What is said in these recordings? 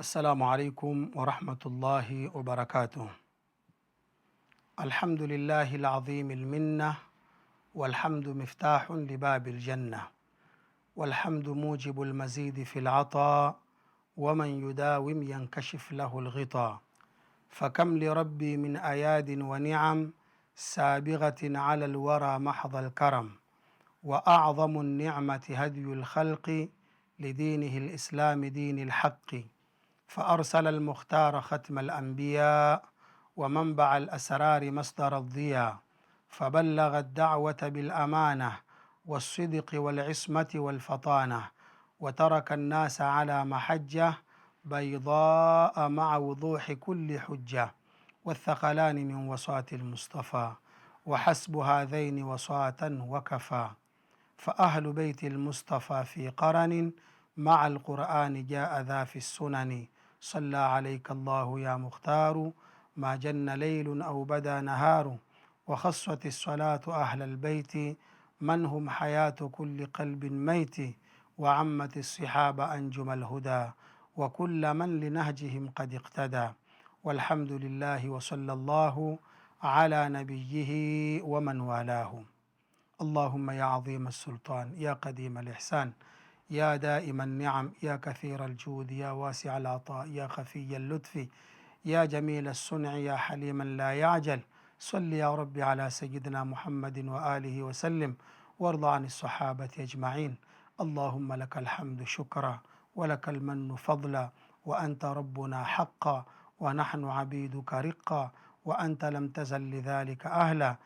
السلام عليكم ورحمة الله وبركاته الحمد لله العظيم المنة والحمد مفتاح لباب الجنة والحمد موجب المزيد في العطاء ومن يداوم ينكشف له الغطاء فكم لربي من أياد ونعم سابغة على الورى محض الكرم وأعظم النعمة هدي الخلق لدينه الإسلام دين الحق فأرسل المختار ختم الأنبياء ومنبع الأسرار مصدر الضياء فبلغ الدعوة بالأمانة والصدق والعصمة والفطانة وترك الناس على محجة بيضاء مع وضوح كل حجة والثقلان من وصاة المصطفى وحسب هذين وصاة وكفى فأهل بيت المصطفى في قرن مع القرآن جاء ذا في السنن صلى عليك الله يا مختار ما جن ليل أو بدا نهار وخصت الصلاة أهل البيت من هم حياة كل قلب ميت وعمت الصحاب أنجم الهدى وكل من لنهجهم قد اقتدى والحمد لله وصلى الله على نبيه ومن والاه اللهم يا عظيم السلطان يا قديم الإحسان يا دائم النعم يا كثير الجود يا واسع العطاء يا خفي اللطف يا جميل الصنع يا حليما لا يعجل صل يا رب على سيدنا محمد وآله وسلم وارض عن الصحابة أجمعين اللهم لك الحمد شكرا ولك المن فضلا وأنت ربنا حقا ونحن عبيدك رقا وأنت لم تزل لذلك أهلا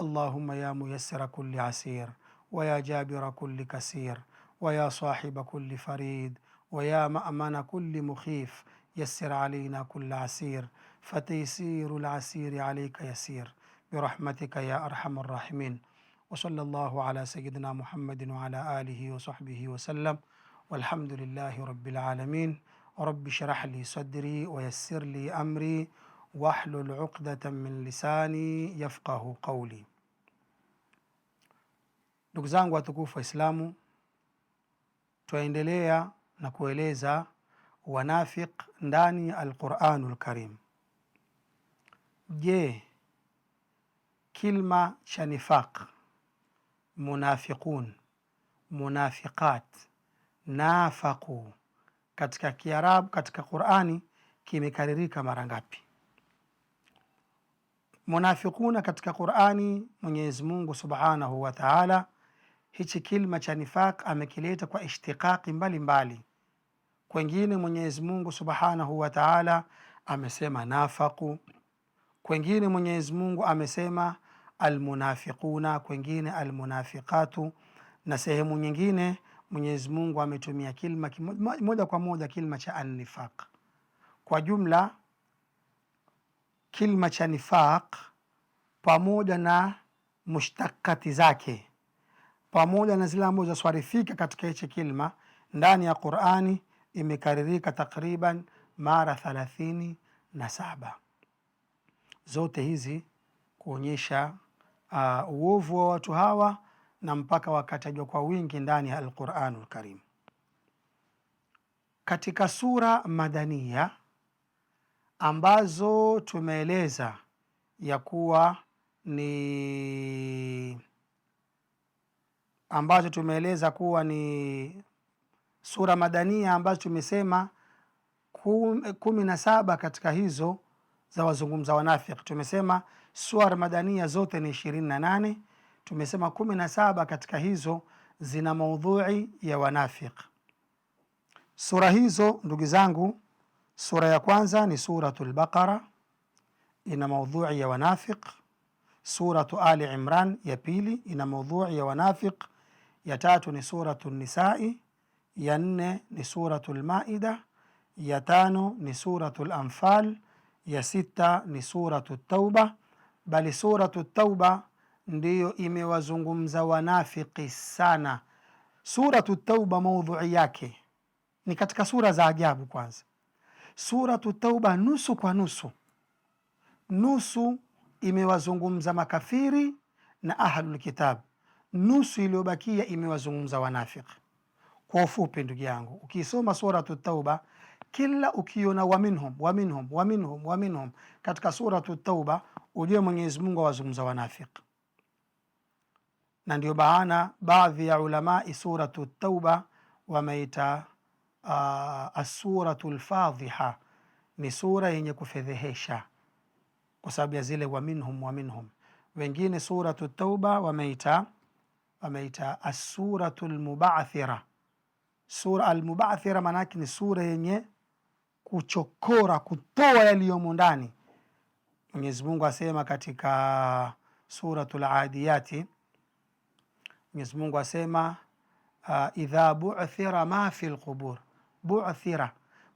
اللهم يا ميسر كل عسير ويا جابر كل كسير ويا صاحب كل فريد ويا مأمن كل مخيف يسر علينا كل عسير فتيسير العسير عليك يسير برحمتك يا أرحم الراحمين وصلى الله على سيدنا محمد وعلى آله وصحبه وسلم والحمد لله رب العالمين رب اشرح لي صدري ويسر لي أمري واحلل عقدة من لساني yafqahu قولي Ndugu zangu watukufu اسلامو twaendelea na kueleza wanafiq ndani ya Alquranu lkarim. Je, kilma cha nifaq, munafiqun, munafiqat, nafaqu katika Kiarabu katika Qurani kimekaririka mara ngapi? Munafiquna katika Qurani Mwenyezi Mungu subhanahu wa taala hichi kilma cha nifaq amekileta kwa ishtiqaqi mbalimbali. Kwengine Mwenyezi Mungu subhanahu wa taala amesema nafaqu, kwengine Mwenyezi Mungu amesema almunafiquna, kwengine almunafiqatu, na sehemu nyingine Mwenyezi Mungu ametumia kilma moja kwa moja kilma cha annifaq. Kwa jumla kilma cha nifaq pamoja na mushtaqati zake pamoja na zile ambazo zaswarifika katika hichi kilma ndani ya Qur'ani imekaririka takriban mara thalathini na saba, zote hizi kuonyesha uh, uovu wa watu hawa na mpaka wakatajwa kwa wingi ndani ya al lkarim Karim. Katika sura madania ambazo tumeeleza ya kuwa ni ambacho tumeeleza kuwa ni sura madania ambazo tumesema kumi na saba katika hizo za wazungumza wanafiq Tumesema suar madania zote ni ishirini na nane. Tumesema kumi na saba katika hizo zina maudhui ya wanafiq Sura hizo ndugu zangu, sura ya kwanza ni suratu lbaqara, ina maudhui ya wanafiq Suratu ali imran ya pili ina maudhui ya wanafiki ya tatu ni suratu Nisai, ya nne ni suratu Lmaida, ya tano ni suratu Lanfal, ya sita ni suratu Tauba. Bali suratu Tauba ndiyo imewazungumza wanafiki sana. Suratu Tauba maudhui yake ni katika sura za ajabu. Kwanza suratu Tauba nusu kwa nusu, nusu imewazungumza makafiri na ahlulkitab nusu iliyobakia imewazungumza wanafiki. Kwa ufupi, ndugu yangu, ukisoma Suratu Tauba kila ukiona waminhum waminhum waminhum waminhum katika Suratu Tauba ujue Mwenyezi Mungu awazungumza wanafiki, na ndio baana baadhi ya ulamai Suratu Tauba wameita uh, ah, asuratu lfadhiha ni sura yenye kufedhehesha kwa sababu ya zile waminhum waminhum. Wengine Suratu Tauba wameita wameita assuratu lmubathira. Sura almubathira maanake ni sura yenye kuchokora, kutoa yaliyomo ndani. Mwenyezi Mungu asema katika suratu ladiyati Mwenyezi Mungu asema uh, idha buthira ma fi lqubur. Buthira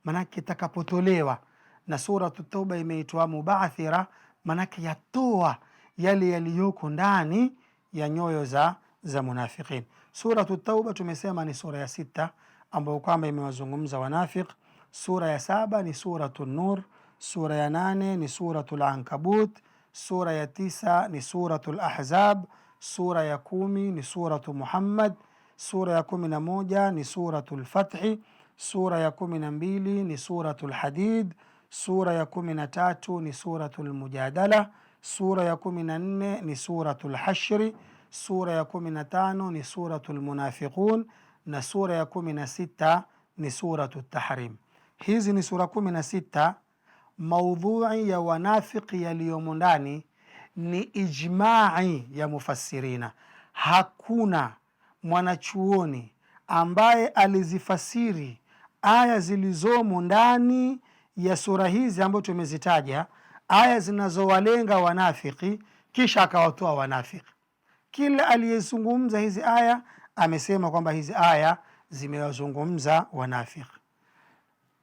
maanake itakapotolewa, na suratu Tauba imeitwa mubathira, maanake yatoa yale yaliyoko ndani ya nyoyo za za munafiqin. Suratu Tauba tumesema ni sura ya sita ambayo kwamba imewazungumza wanafiq. Sura ya saba ni Suratu Nur, sura ya nane ni Suratu Lankabut, sura ya tisa ni Suratu Lahzab, sura ya kumi ni Suratu Muhammad, sura ya kumi na moja ni Suratu Lfathi, sura ya kumi na mbili ni Suratu Lhadid, sura ya kumi na tatu ni Suratu Lmujadala, sura ya kumi na nne ni Suratu Lhashri sura ya kumi na tano ni suratu lmunafiqun na sura ya kumi na sita ni Suratu Tahrim. Hizi ni sura kumi na sita. Maudhui ya wanafiki yaliyomo ndani ni ijmai ya mufassirina. Hakuna mwanachuoni ambaye alizifasiri aya zilizomo ndani ya sura hizi ambayo tumezitaja, aya zinazowalenga wanafiki, kisha akawatoa wanafiki kila aliyezungumza hizi aya amesema kwamba hizi aya zimewazungumza wanafiki.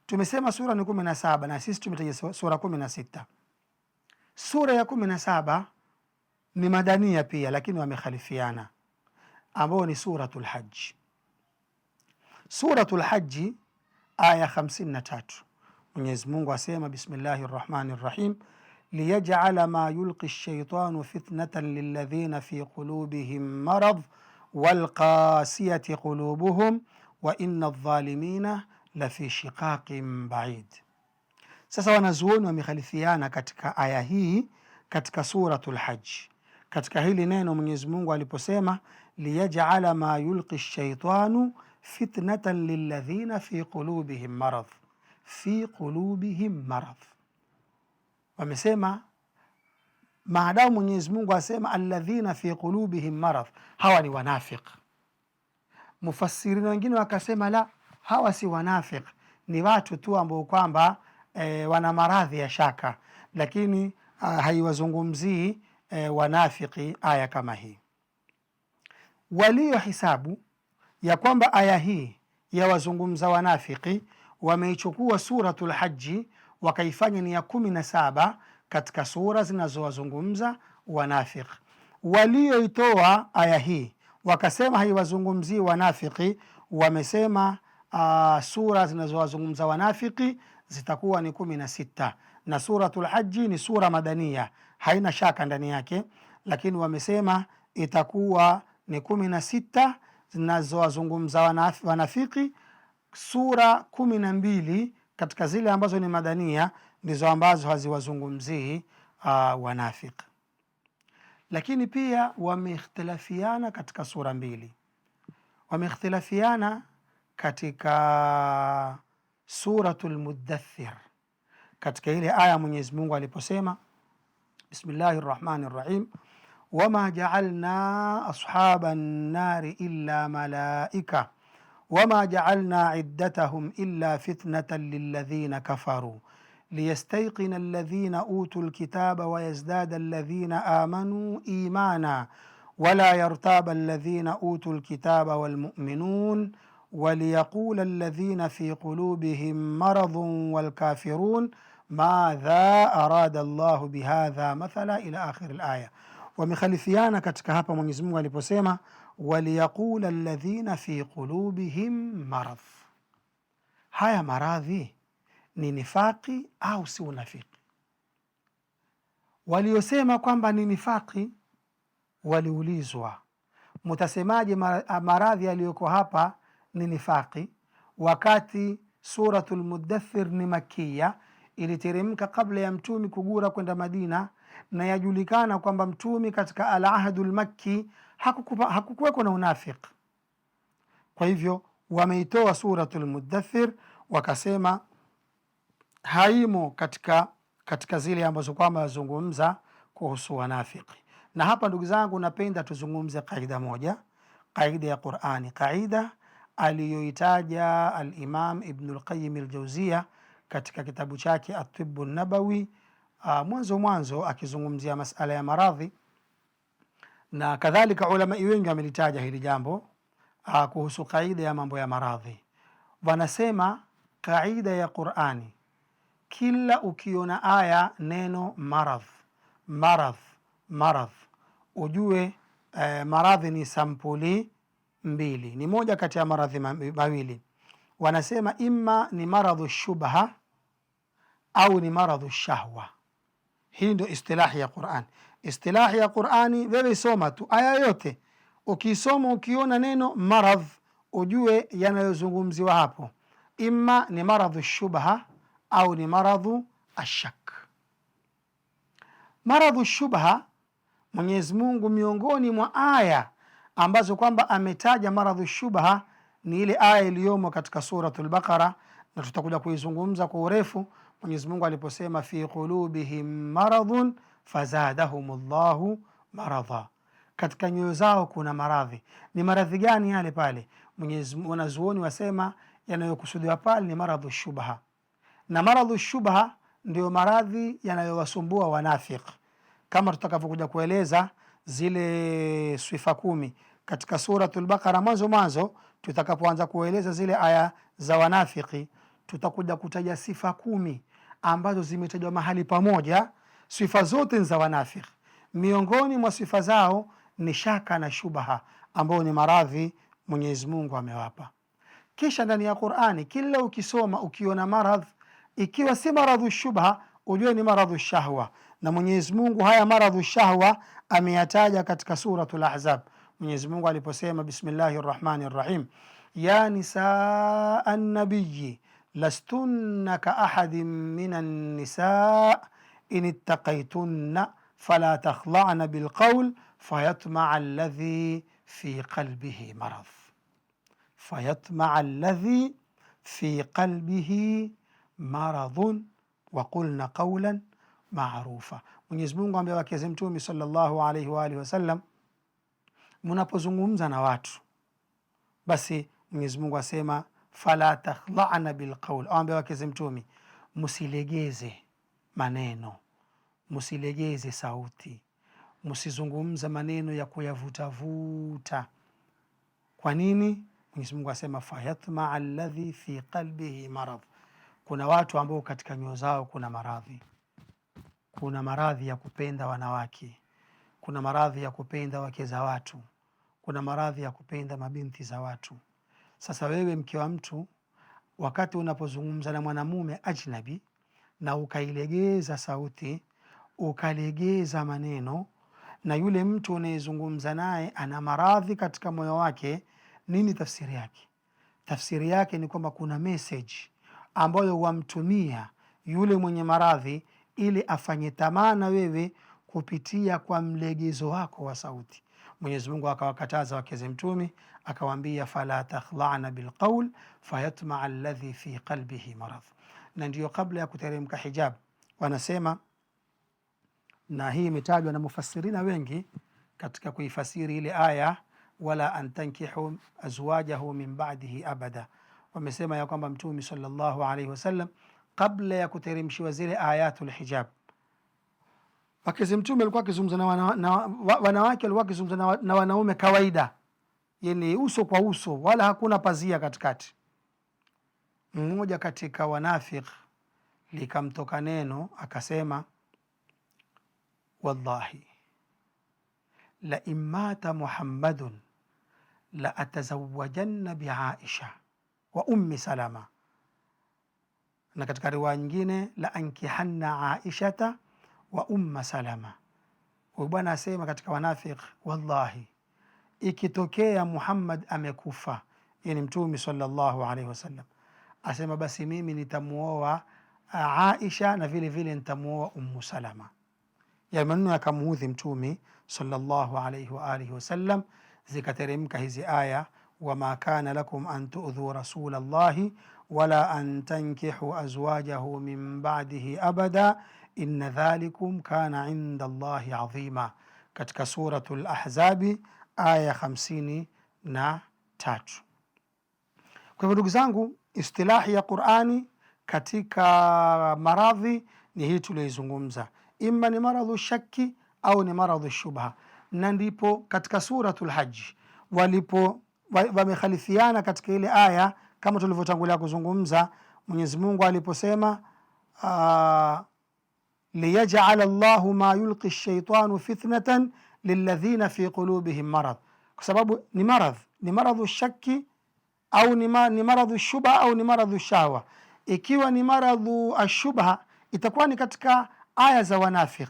Tumesema sura ni kumi na saba na sisi tumetaja sura kumi na sita. Sura ya kumi na saba ni madania pia, lakini wamekhalifiana, ambayo ni Suratul Haji. Suratul Haji aya na Mwenyezi Mungu asema bismillahi rahmani rrahim ليجعل ما يلقي الشيطان فتنة للذين في قلوبهم مرض والقاسية قلوبهم وإن الظالمina lafi shiqaqin baid. Sasa wanazuoni wamehalifiana katika aya hii katika Suratul Haji, katika hili neno Mwenyezi Mungu aliposema liyaj'ala ma yulqi shaitanu fitnatan lilladhina fi qulubihim marad, fi qulubihim marad wamesema maadamu Mwenyezi Mungu asema alladhina fi qulubihim maradh, hawa ni wanafiq. Mufassirina wengine wakasema la, hawa si wanafiq, ni watu tu ambao kwamba e, wana maradhi ya shaka, lakini ah, haiwazungumzii e, eh, wanafiki aya kama hii. Walio hisabu ya kwamba aya hii yawazungumza wanafiki, wameichukua Suratul lhaji wakaifanya ni ya kumi na saba katika sura zinazowazungumza wanafiki. Walioitoa aya hii wakasema haiwazungumzii wanafiki, wamesema uh, sura zinazowazungumza wanafiki zitakuwa ni kumi na sita na Suratul Haji ni sura madania, haina shaka ndani yake, lakini wamesema itakuwa ni kumi na sita zinazowazungumza wanafiki, sura kumi na mbili katika zile ambazo ni madania ndizo ambazo haziwazungumzii ah, wanafiq lakini pia wameikhtilafiana katika sura mbili. Wameikhtilafiana katika suratu lmudathir, katika ile aya Mwenyezi Mungu aliposema bismillahi rahmani rrahim wama jaalna ashaba nnari illa malaika وما جعلنا عدتهم الا فتنه للذين كفروا ليستيقن الذين اوتوا الكتاب ويزداد الذين امنوا ايمانا ولا يرتاب الذين اوتوا الكتاب والمؤمنون وليقول الذين في قلوبهم مرض والكافرون ماذا اراد الله بهذا مثلا الى اخر الايه wamekhalifiana katika hapa Mwenyezi Mungu aliposema waliyaqula alladhina fi qulubihim maradh. Haya maradhi ni nifaqi au si unafiki? Waliosema kwamba ni nifaqi waliulizwa, mutasemaje maradhi yaliyoko hapa ni nifaqi wakati Suratul lmudathir ni makia, iliteremka kabla ya mtumi kugura kwenda Madina na yajulikana kwamba mtumi katika alahdu lmakki hakukuweko na unafiq. Kwa hivyo wameitoa suratu lmudathir wakasema haimo katika katika zile ambazo kwamba wazungumza kuhusu wanafiki. Na hapa ndugu zangu, napenda tuzungumze kaida moja, kaida ya Qurani, kaida aliyoitaja Alimam Ibnu lqayim katika kitabu chake Atibu Nabawi uh, mwanzo mwanzo akizungumzia masala ya maradhi na kadhalika, ulama wengi wamelitaja hili jambo uh, kuhusu kaida ya mambo ya maradhi. Wanasema kaida ya Qur'ani, kila ukiona aya neno maradh maradh maradh ujue eh, maradhi ni sampuli mbili, ni moja kati ya maradhi mawili. Wanasema imma ni maradhu shubha au ni maradhu shahwa hii ndio istilahi ya Qurani. Istilahi ya Qurani, wewe soma tu aya yote, ukisoma ukiona neno maradh, ujue yanayozungumziwa hapo imma ni maradhu shubha au ni maradhu ashak. Maradhu shubha, Mwenyezi Mungu miongoni mwa aya ambazo kwamba ametaja maradhu shubha ni ile aya iliyomo katika Suratul Baqara, na tutakuja kuizungumza kwa urefu. Mwenyezi Mungu aliposema fi qulubihim maradhun fazadahum llahu maradha, katika nyoyo zao kuna maradhi. Ni maradhi gani yale pale? Wanazuoni wasema yanayokusudiwa pale ni maradhu shubha, na maradhu shubha ndiyo maradhi yanayowasumbua wanafiq, kama tutakavyokuja kueleza zile sifa kumi katika Suratul Baqara mwanzo mwanzo, tutakapoanza kueleza zile aya za wanafiki, tutakuja kutaja sifa kumi ambazo zimetajwa mahali pamoja, sifa zote ni za wanafiki. Miongoni mwa sifa zao ni shaka na shubaha, ambayo ni maradhi Mwenyezi Mungu amewapa. Kisha ndani ya Qur'ani kila ukisoma ukiona maradhi, ikiwa si maradhu shubha, ujue ni maradhu shahwa, na Mwenyezi Mungu haya maradhu shahwa ameyataja katika Suratul Ahzab, Mwenyezi Mungu aliposema bismillahi rrahmani rrahim, ya nisaa nabiyyi لستن كأحد من النساء إن اتقيتن فلا تخضعن بالقول فيطمع الذي في قلبه مرض فيطمع الذي في قلبه مرض وقلن قولا معروفا من يزمون قام بيوك يزمتومي صلى الله عليه وآله وسلم منا بزنغم زنوات بس من يزمون قام fala takhdha'na bilqaul, awambia wake zimtumi, msilegeze maneno, msilegeze sauti, msizungumze maneno ya kuyavutavuta. Kwa nini? Mwenyezi Mungu asema fayatmaa alladhi fi qalbihi marad, kuna watu ambao katika nyoyo zao kuna maradhi. Kuna maradhi ya kupenda wanawake, kuna maradhi ya kupenda wake za watu, kuna maradhi ya kupenda mabinti za watu. Sasa wewe mke wa mtu, wakati unapozungumza na mwanamume ajnabi na ukailegeza sauti ukalegeza maneno, na yule mtu unayezungumza naye ana maradhi katika moyo wake, nini tafsiri yake? Tafsiri yake ni kwamba kuna meseji ambayo wamtumia yule mwenye maradhi ili afanye tamaa na wewe kupitia kwa mlegezo wako wa sauti. Mwenyezi Mungu akawakataza wakeze za Mtume, akawaambia fala takhla'na bilqaul fayatma'a alladhi fi qalbihi marad. Na ndiyo kabla ya kuteremka hijab, wanasema na hii imetajwa na mufasirina wengi katika kuifasiri ile aya, wala antankihu azwajahu min ba'dihi abada. Wamesema ya kwamba Mtume sallallahu alayhi wasallam kabla ya kuteremshiwa zile ayatul hijab Akisi Mtume alikuwa akizungumza na wanawake, alikuwa akizungumza na wanaume kawaida, yani uso kwa uso, wala hakuna pazia katikati. Mmoja katika wanafik likamtoka neno akasema, wallahi la in mata Muhammadun la atazawajanna biaisha wa ummi Salama, na katika riwaya nyingine la ankihanna aishata wa Umma Salama. Huyu bwana asema katika wanafiki, wallahi ikitokea Muhammad amekufa, yani Mtume sallallahu alaihi wasallam asema, basi mimi nitamuoa Aisha na vile vile nitamuoa Ummu Salama. yamanno maneno yakamuudhi Mtume sallallahu alaihi wa alihi wasallam, zikateremka hizi aya wama kana lakum an tuudhuu rasula llahi wala an tankihu azwajahu min badihi abada inna dhalikum kana inda llahi adhima, katika Suratu lahzabi aya hamsini na tatu. Kwa hivyo ndugu zangu, istilahi ya Qurani katika maradhi ni hii tuliyoizungumza, imma ni maradhu shaki au ni maradhu shubha, na ndipo katika suratu lhaji walipo wamekhalifiana katika ile aya kama tulivyotangulia kuzungumza, Mwenyezi Mungu aliposema uh, liyajala llahu ma yulqi shaitanu fitnatan lilladhina fi qulubihim marad, kwa sababu ni maradh, ni maradhu shaki au ni, ma, ni maradhu shubha au ni maradhu shahwa. Ikiwa ni maradhu ashubha, itakuwa ni katika aya za wanafiq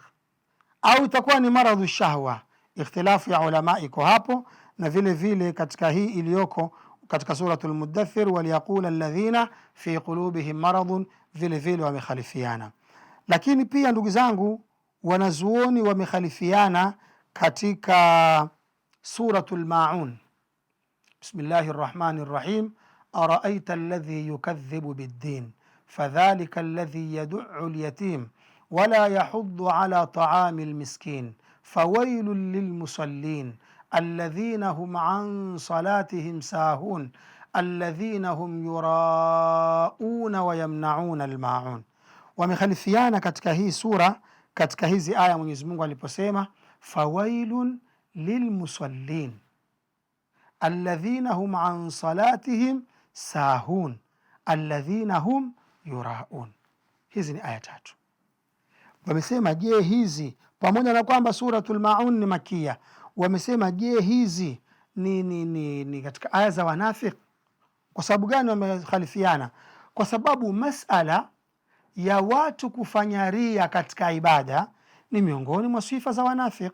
au itakuwa ni maradhu shahwa. Ikhtilafu ya ulama iko hapo, na vile vile katika hii iliyoko katika Suratu Lmudathir, waliyaqula alladhina fi qulubihim maradhun, vile vile wamekhalifiana. Lakini pia ndugu zangu, wanazuoni wamekhalifiana katika Suratul Maun. Bismillahi rrahmani rahim, araaita alladhi yukadhibu biddin fadhalika alladhi yaduu lyatim wala yahuddu ala taami lmiskin fawailun lilmusallin alladhina hum an salatihim sahun alladhina hum yurauna wayamnauna almaun wamekhalifiana katika hii sura, katika hizi aya Mwenyezi Mungu aliposema fawailun lilmusallin alladhina hum an salatihim sahun alladhina hum yuraun. Hizi ni aya tatu. Wamesema je, hizi pamoja na kwamba Suratul Maun ni makia, wamesema je, hizi ni, ni, ni, ni katika aya za wanafiq Kwa sababu gani wamekhalifiana? Kwa sababu masala ya watu kufanya ria katika ibada ni miongoni mwa sifa za wanafiq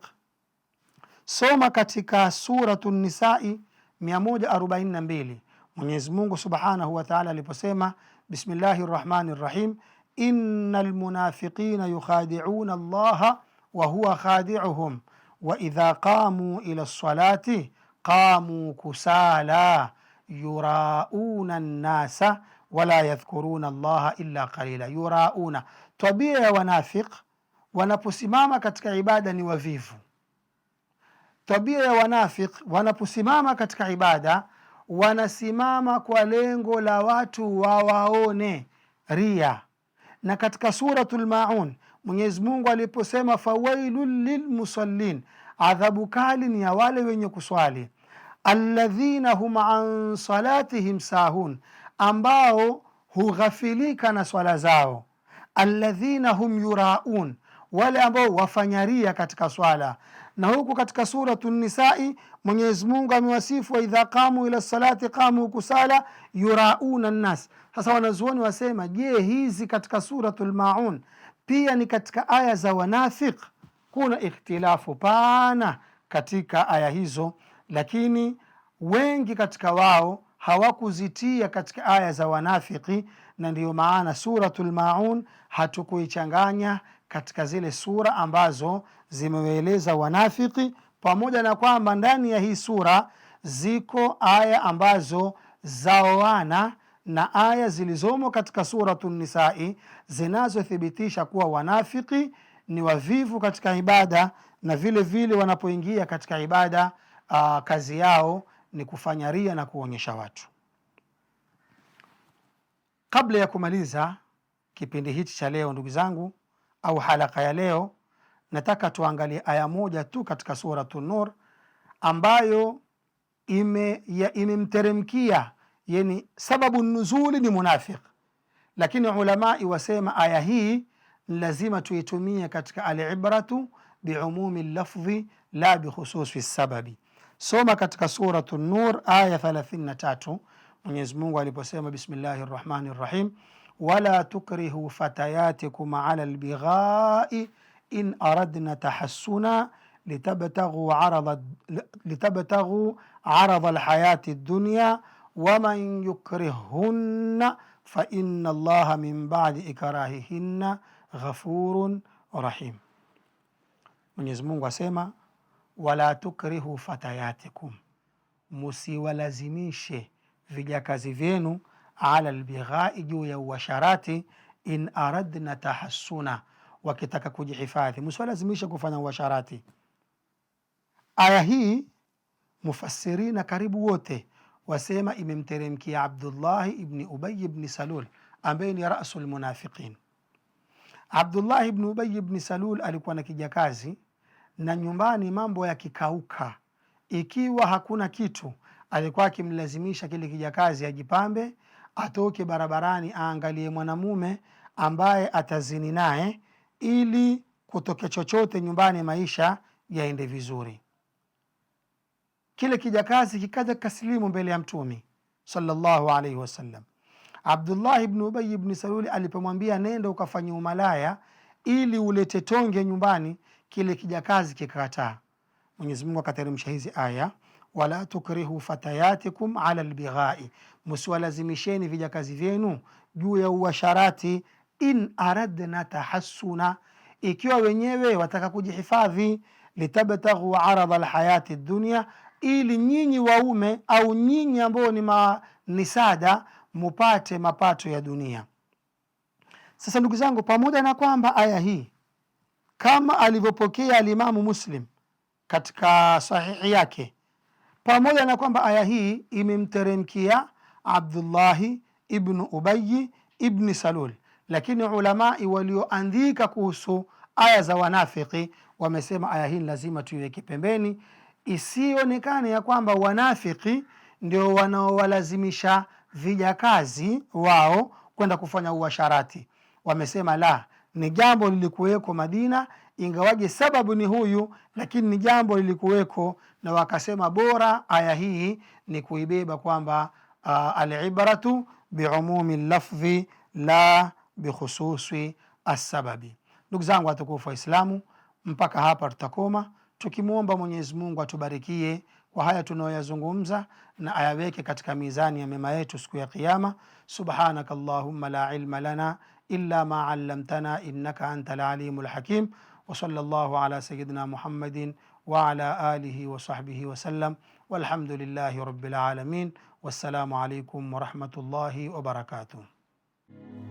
Soma katika Suratu Nisai 142 Mwenyezi Mungu subhanahu wa taala aliposema, bismillahi rrahmani rrahim, inna lmunafiqina yukhadiuna llaha wa huwa khadiuhum wa idha qamu ila lsalati qamu kusala yurauna nnasa wala yadhkuruna llaha illa qalila yurauna. Tabia ya wanafiq wanaposimama katika ibada ni wavivu. Tabia ya wanafiq wanaposimama katika ibada wanasimama kwa lengo la watu wawaone ria. Na katika Suratul Maun Mwenyezi Mungu aliposema fawailun lilmusallin, adhabu kali ni ya wale wenye kuswali, alladhina hum an salatihim sahun ambao hughafilika na swala zao, alladhina hum yuraun, wale ambao wafanyaria katika swala. Na huku katika Suratu Nisai Mwenyezi Mungu amewasifu waidha qamu ila salati qamu kusala yurauna nnas. Sasa wanazuoni wasema, je, hizi katika Suratu lmaun pia ni katika aya za wanafiq? Kuna ikhtilafu pana katika aya hizo, lakini wengi katika wao hawakuzitia katika aya za wanafiki, na ndiyo maana Suratul Maun hatukuichanganya katika zile sura ambazo zimewaeleza wanafiki, pamoja na kwamba ndani ya hii sura ziko aya ambazo zaoana na aya zilizomo katika Suratu Nisai zinazothibitisha kuwa wanafiki ni wavivu katika ibada na vile vile wanapoingia katika ibada aa, kazi yao ni kufanya ria na kuonyesha watu. Kabla ya kumaliza kipindi hichi cha leo, ndugu zangu, au halaka ya leo, nataka tuangalie aya moja tu katika Suratu Nur ambayo imemteremkia ime, yani sababu nuzuli ni munafiq, lakini ulamai wasema aya hii lazima tuitumie katika alibratu biumumi lafdhi la bikhususi sababi. soma katika suratu Nur aya 33 Mwenyezi Mungu aliposema bismillahi rahmani rahim, wala tukrihu fatayatikum ala lbighai in aradna tahassuna litabtaghu arada lhayati dunya waman yukrihhunna faina allaha min badi ikrahihinna ghafurun rahim. Mwenyezi Mungu asema wala tukrihu fatayatikum, musiwalazimishe vijakazi vyenu, ala lbighai, juu ya uasharati, in aradna tahassuna, wakitaka kujihifadhi, musiwalazimishe kufanya uasharati. Aya hii mufassirina karibu wote wasema imemteremkia Abdullahi ibni Ubayi ibni Salul ambaye ni rasul munafiqin. Abdullahi ibni Ubayi ibni Salul alikuwa na kijakazi na nyumbani mambo yakikauka, ikiwa hakuna kitu, alikuwa akimlazimisha kile kijakazi ajipambe, atoke barabarani, aangalie mwanamume ambaye atazini naye, ili kutoke chochote nyumbani, maisha yaende vizuri. Kile kijakazi kikaja kaslimu mbele ya Mtumi sallallahu alaihi wasallam. Abdullahi bnu Ubayi bni Saluli alipomwambia nenda ukafanye umalaya ili ulete tonge nyumbani kile kijakazi kikakataa. Mwenyezi Mungu akateremsha hizi aya, wala tukrihu fatayatikum ala albighai, msiwalazimisheni vijakazi vyenu juu ya uasharati. In aradna tahassuna, ikiwa wenyewe wataka kujihifadhi. Litabtaghu arada alhayati dunia, ili nyinyi waume au nyinyi ambao ni manisada mupate mapato ya dunia. Sasa ndugu zangu, pamoja na kwamba aya hii kama alivyopokea alimamu Muslim katika sahihi yake, pamoja na kwamba aya hii imemteremkia Abdullahi ibnu Ubayi ibni Salul, lakini ulamai walioandika kuhusu aya za wanafiki wamesema aya hii lazima tuiweke pembeni, isionekane ya kwamba wanafiki ndio wanaowalazimisha vijakazi wao kwenda kufanya uasharati. Wamesema la, ni jambo lilikuweko Madina, ingawaje sababu ni huyu, lakini ni jambo lilikuweko, na wakasema bora aya hii ni kuibeba kwamba alibratu biumumi lafdhi la bikhususi assababi. Ndugu zangu watukufu Waislamu, mpaka hapa tutakoma, tukimwomba Mwenyezi Mungu atubarikie kwa haya tunayoyazungumza na ayaweke katika mizani ya mema yetu siku ya Kiyama. subhanakallahumma la ilma lana إلا ما علمتنا إنك أنت العليم الحكيم وصلى الله على سيدنا محمد وعلى آله وصحبه وسلم والحمد لله رب العالمين والسلام عليكم ورحمة الله وبركاته